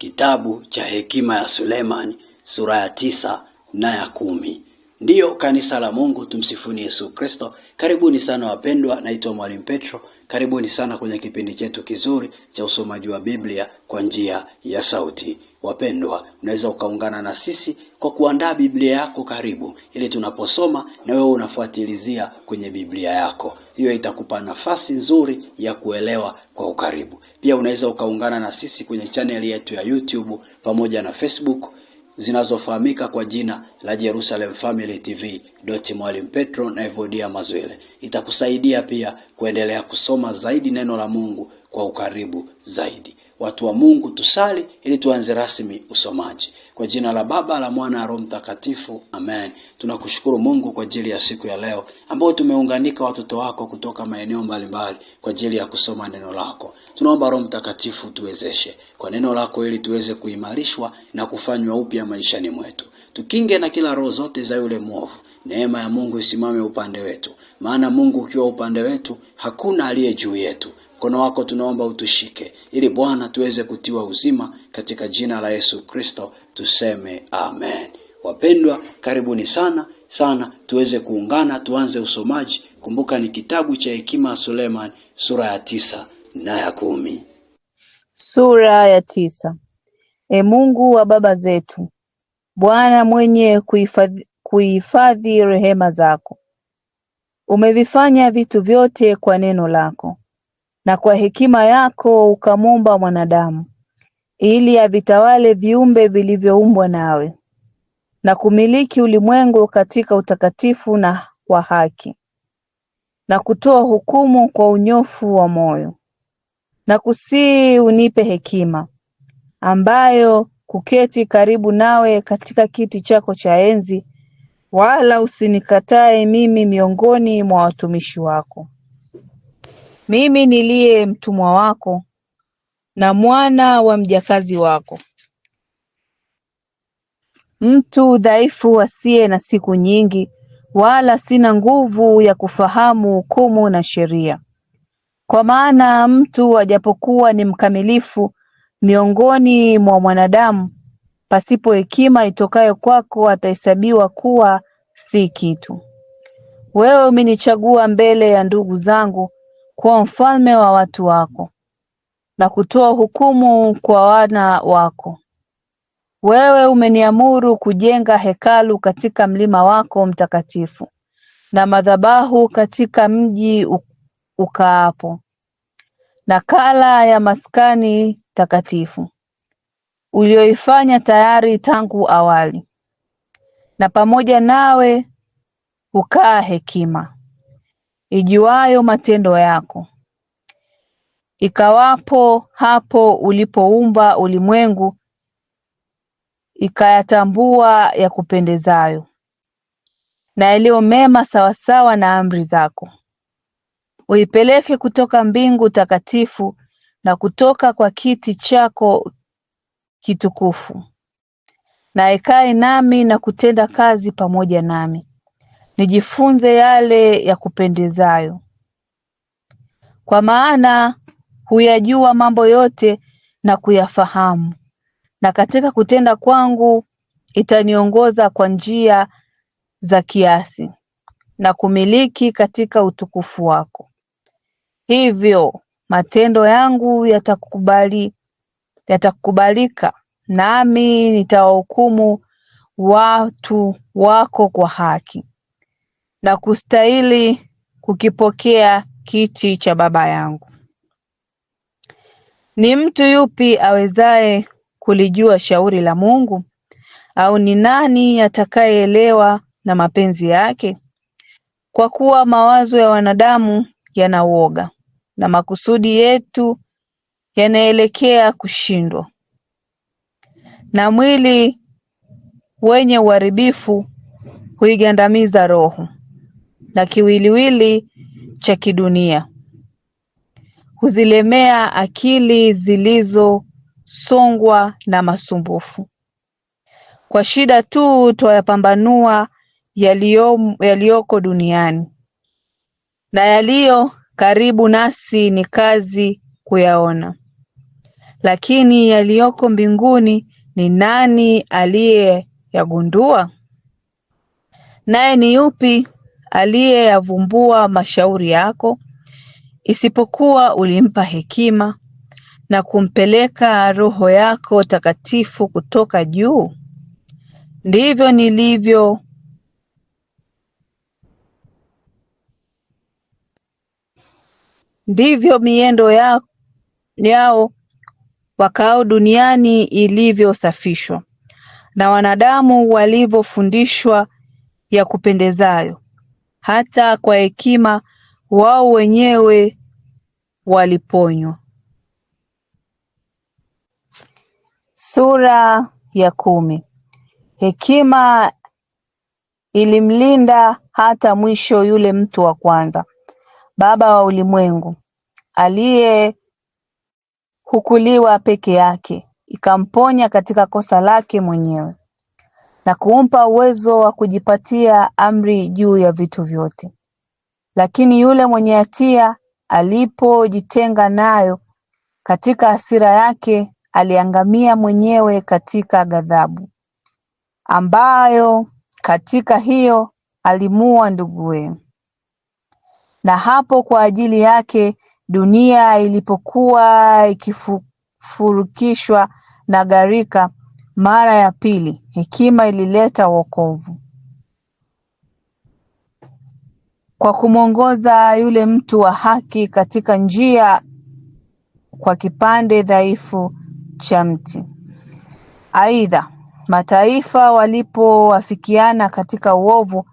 Kitabu cha hekima ya Sulemani sura ya tisa na ya kumi. Ndiyo kanisa la Mungu, tumsifuni Yesu Kristo. Karibuni sana wapendwa, naitwa Mwalimu Petro. Karibuni sana kwenye kipindi chetu kizuri cha usomaji wa Biblia kwa njia ya sauti. Wapendwa, unaweza ukaungana na sisi kwa kuandaa Biblia yako karibu, ili tunaposoma na wewe unafuatilizia kwenye Biblia yako. Hiyo itakupa nafasi nzuri ya kuelewa kwa ukaribu. Pia unaweza ukaungana na sisi kwenye chaneli yetu ya YouTube pamoja na Facebook zinazofahamika kwa jina la Jerusalem Family TV doti Mwalimu Petro na Evodia Mazwile. Itakusaidia pia kuendelea kusoma zaidi neno la Mungu kwa ukaribu zaidi. Watu wa Mungu, tusali ili tuanze rasmi usomaji. Kwa jina la Baba la Mwana na Roho Mtakatifu, amen. Tunakushukuru Mungu kwa ajili ya siku ya leo ambayo tumeunganika watoto wako kutoka maeneo mbalimbali kwa ajili ya kusoma neno lako. Tunaomba Roho Mtakatifu tuwezeshe kwa neno lako ili tuweze kuimarishwa na kufanywa upya maishani mwetu. Tukinge na kila roho zote za yule mwovu. Neema ya Mungu isimame upande wetu, maana Mungu ukiwa upande wetu, hakuna aliye juu yetu. Mkono wako tunaomba utushike, ili Bwana tuweze kutiwa uzima, katika jina la Yesu Kristo tuseme amen. Wapendwa, karibuni sana sana, tuweze kuungana, tuanze usomaji. Kumbuka ni kitabu cha hekima ya Suleman, sura ya tisa na ya kumi. Sura ya tisa. E Mungu wa baba zetu, Bwana mwenye kuhifadhi kuhifadhi rehema zako, umevifanya vitu vyote kwa neno lako, na kwa hekima yako ukamuumba mwanadamu ili avitawale viumbe vilivyoumbwa nawe na kumiliki ulimwengu katika utakatifu na wa haki na kutoa hukumu kwa unyofu wa moyo na kusii unipe hekima ambayo kuketi karibu nawe katika kiti chako cha enzi, wala usinikatae mimi miongoni mwa watumishi wako. Mimi niliye mtumwa wako na mwana wa mjakazi wako, mtu dhaifu asiye na siku nyingi, wala sina nguvu ya kufahamu hukumu na sheria. Kwa maana mtu ajapokuwa ni mkamilifu miongoni mwa mwanadamu pasipo hekima itokayo kwako atahesabiwa kuwa si kitu. Wewe umenichagua mbele ya ndugu zangu kuwa mfalme wa watu wako, na kutoa hukumu kwa wana wako. Wewe umeniamuru kujenga hekalu katika mlima wako mtakatifu, na madhabahu katika mji ukaapo, na kala ya maskani takatifu ulioifanya tayari tangu awali, na pamoja nawe hukaa hekima ijuayo matendo yako, ikawapo hapo ulipoumba ulimwengu, ikayatambua ya kupendezayo na yaliyo mema sawasawa na amri zako, uipeleke kutoka mbingu takatifu na kutoka kwa kiti chako kitukufu, na ikae nami na kutenda kazi pamoja nami nijifunze yale ya kupendezayo kwa maana huyajua mambo yote na kuyafahamu, na katika kutenda kwangu itaniongoza kwa njia za kiasi na kumiliki katika utukufu wako. Hivyo matendo yangu yatakubali yatakubalika, nami nitawahukumu watu wako kwa haki na kustahili kukipokea kiti cha baba yangu. Ni mtu yupi awezaye kulijua shauri la Mungu? Au ni nani atakayeelewa na mapenzi yake? Kwa kuwa mawazo ya wanadamu yana uoga na makusudi yetu yanaelekea kushindwa, na mwili wenye uharibifu huigandamiza roho na kiwiliwili cha kidunia huzilemea akili zilizosongwa na masumbufu. Kwa shida tu twayapambanua yaliyoko duniani, na yaliyo karibu nasi ni kazi kuyaona, lakini yaliyoko mbinguni ni nani aliyeyagundua? Naye ni yupi aliyeyavumbua mashauri yako, isipokuwa ulimpa hekima na kumpeleka Roho yako Takatifu kutoka juu? Ndivyo nilivyo ndivyo miendo yao, yao wakao duniani ilivyosafishwa na wanadamu walivyofundishwa ya kupendezayo hata kwa hekima wao wenyewe waliponywa. Sura ya kumi. Hekima ilimlinda hata mwisho yule mtu wa kwanza, baba wa ulimwengu, aliyehukuliwa peke yake, ikamponya katika kosa lake mwenyewe na kumpa uwezo wa kujipatia amri juu ya vitu vyote lakini yule mwenye hatia alipojitenga nayo katika hasira yake aliangamia mwenyewe katika ghadhabu, ambayo katika hiyo ndugu wenu Na hapo kwa ajili yake dunia ilipokuwa ikifurukishwa na gharika, mara ya pili, hekima ilileta wokovu kwa kumwongoza yule mtu wa haki katika njia kwa kipande dhaifu cha mti. Aidha, mataifa walipowafikiana katika uovu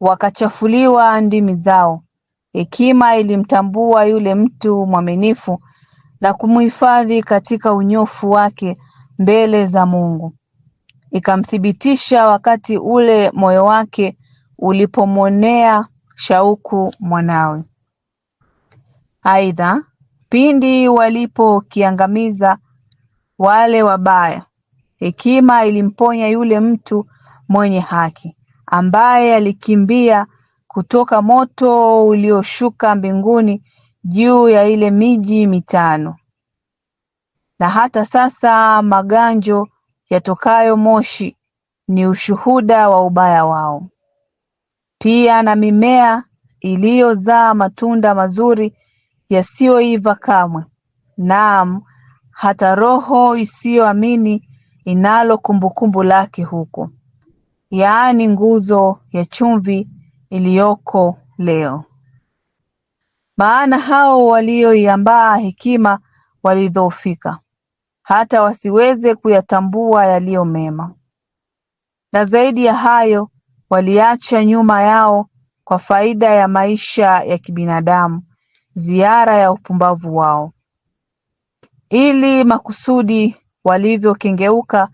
wakachafuliwa ndimi zao. Hekima ilimtambua yule mtu mwaminifu na kumhifadhi katika unyofu wake mbele za Mungu ikamthibitisha wakati ule moyo wake ulipomwonea shauku mwanawe. Aidha, pindi walipokiangamiza wale wabaya, hekima ilimponya yule mtu mwenye haki ambaye alikimbia kutoka moto ulioshuka mbinguni juu ya ile miji mitano na hata sasa maganjo yatokayo Moshi ni ushuhuda wa ubaya wao, pia na mimea iliyozaa matunda mazuri yasiyoiva kamwe, naam hata roho isiyoamini inalo kumbukumbu lake huko, yaani nguzo ya chumvi iliyoko leo. Maana hao walioiambaa hekima walidhoofika, hata wasiweze kuyatambua yaliyo mema na zaidi ya hayo waliacha nyuma yao kwa faida ya maisha ya kibinadamu ziara ya upumbavu wao, ili makusudi walivyokengeuka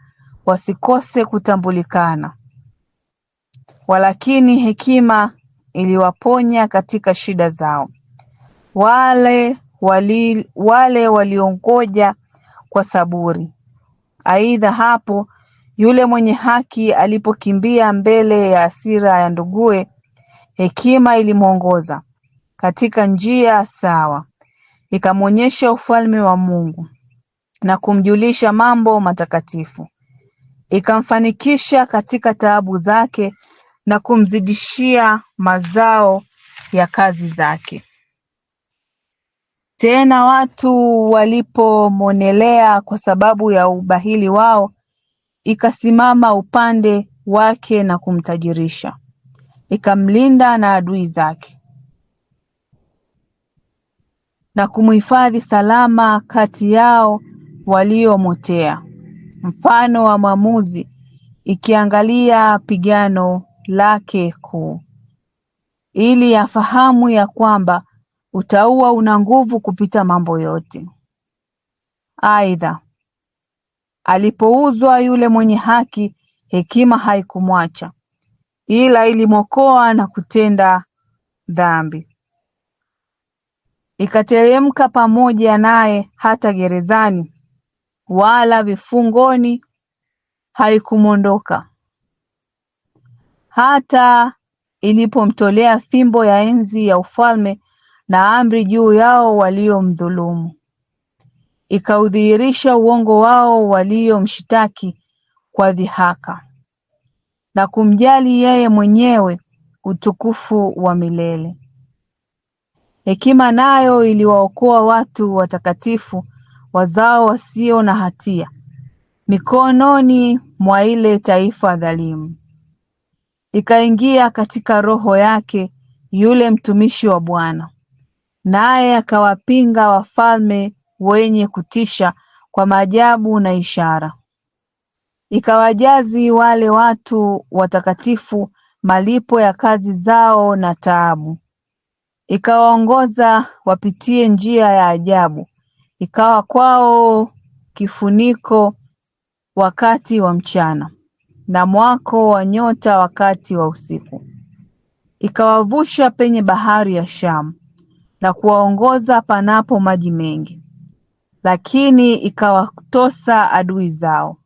wasikose kutambulikana. Walakini hekima iliwaponya katika shida zao. Wale wali, wale waliongoja kwa saburi. Aidha, hapo yule mwenye haki alipokimbia mbele ya hasira ya ndugue hekima ilimwongoza katika njia sawa, ikamwonyesha ufalme wa Mungu na kumjulisha mambo matakatifu, ikamfanikisha katika taabu zake na kumzidishia mazao ya kazi zake. Tena watu walipomwonelea kwa sababu ya ubahili wao ikasimama upande wake na kumtajirisha, ikamlinda na adui zake, na kumhifadhi salama kati yao waliomotea, mfano wa mwamuzi, ikiangalia pigano lake kuu, ili afahamu ya kwamba utaua una nguvu kupita mambo yote. Aidha, alipouzwa yule mwenye haki hekima haikumwacha, ila ilimwokoa na kutenda dhambi, ikateremka pamoja naye hata gerezani, wala vifungoni haikumwondoka hata ilipomtolea fimbo ya enzi ya ufalme na amri juu yao waliomdhulumu, ikaudhihirisha uongo wao waliomshitaki kwa dhihaka, na kumjali yeye mwenyewe utukufu wa milele. Hekima nayo iliwaokoa watu watakatifu wazao wasio na hatia mikononi mwa ile taifa dhalimu. Ikaingia katika roho yake yule mtumishi wa Bwana Naye akawapinga wafalme wenye kutisha kwa maajabu na ishara, ikawajazi wale watu watakatifu malipo ya kazi zao na taabu, ikawaongoza wapitie njia ya ajabu, ikawa kwao kifuniko wakati wa mchana, na mwako wa nyota wakati wa usiku, ikawavusha penye bahari ya Shamu na kuwaongoza panapo maji mengi, lakini ikawatosa adui zao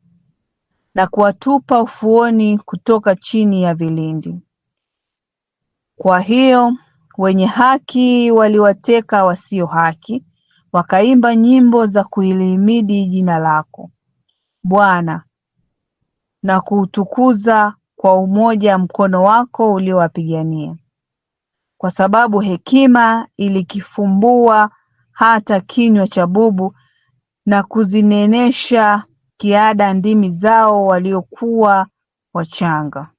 na kuwatupa ufuoni kutoka chini ya vilindi. Kwa hiyo wenye haki waliwateka wasio haki, wakaimba nyimbo za kuilimidi jina lako Bwana na kuutukuza kwa umoja mkono wako uliowapigania kwa sababu hekima ilikifumbua hata kinywa cha bubu na kuzinenesha kiada ndimi zao waliokuwa wachanga